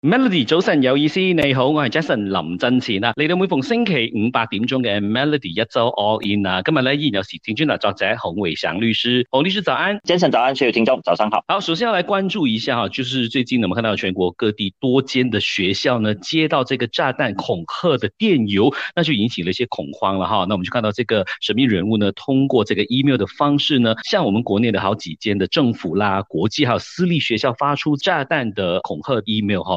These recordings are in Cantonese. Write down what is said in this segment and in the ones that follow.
Melody 早晨有意思，你好，我係 Jason 林振前啦。嚟到每逢星期五八點鐘嘅 Melody 一周 All In 啊，今日呢，依然有時事專欄作者洪偉祥律師，洪律師早安，Jason 早安，所有聽眾早上好。好，首先要來關注一下哈，就是最近我們看到全國各地多間的學校呢接到這個炸彈恐吓的電郵，那就引起了一些恐慌啦哈。那我們就看到這個神秘人物呢通過這個 email 的方式呢，向我們國內的好幾間的政府啦、國際還有私立學校發出炸彈的恐吓 email 哈。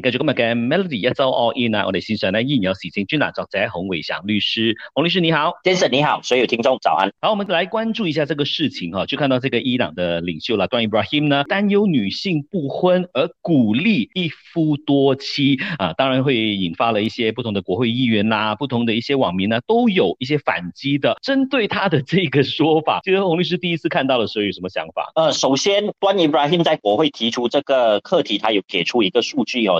根據跟住今日跟 Melody 一周 all in 啊，我哋先上咧依然有時政專欄作者洪偉祥律師，洪律師你好，先生你好，所有聽眾早安。好，我們來關注一下這個事情哈、啊，就看到這個伊朗的領袖啦，段義 brahim 呢，擔憂女性不婚而鼓勵一夫多妻啊，當然會引發了一些不同的國會議員啦、啊，不同的一些網民呢、啊，都有一些反擊的，針對他的這個說法。其實洪律師第一次看到的時候，有什麼想法？呃，首先段義 brahim 在國會提出這個課題，他有寫出一個數據哦。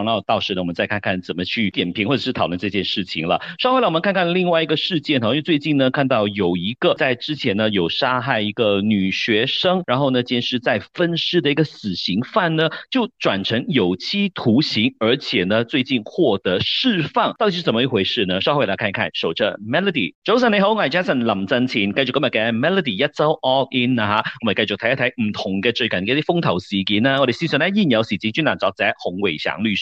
那到到時呢，我們再看看怎麼去點評或者是討論這件事情了。稍後來，我們看看另外一個事件哈，因為最近呢，看到有一個在之前呢有殺害一個女學生，然後呢，堅持在分屍的一個死刑犯呢，就轉成有期徒刑，而且呢，最近獲得釋放，到底是怎麼一回事呢？稍後來看一看。守着 Melody，Jason 你好，我係 Jason 林真晴，繼續今日嘅 Melody 一周 All In 啊哈，我哋繼續睇一睇唔同嘅最近嘅啲風頭事件呢、啊，我哋線上呢，依然有時事專欄作者洪維翔律師。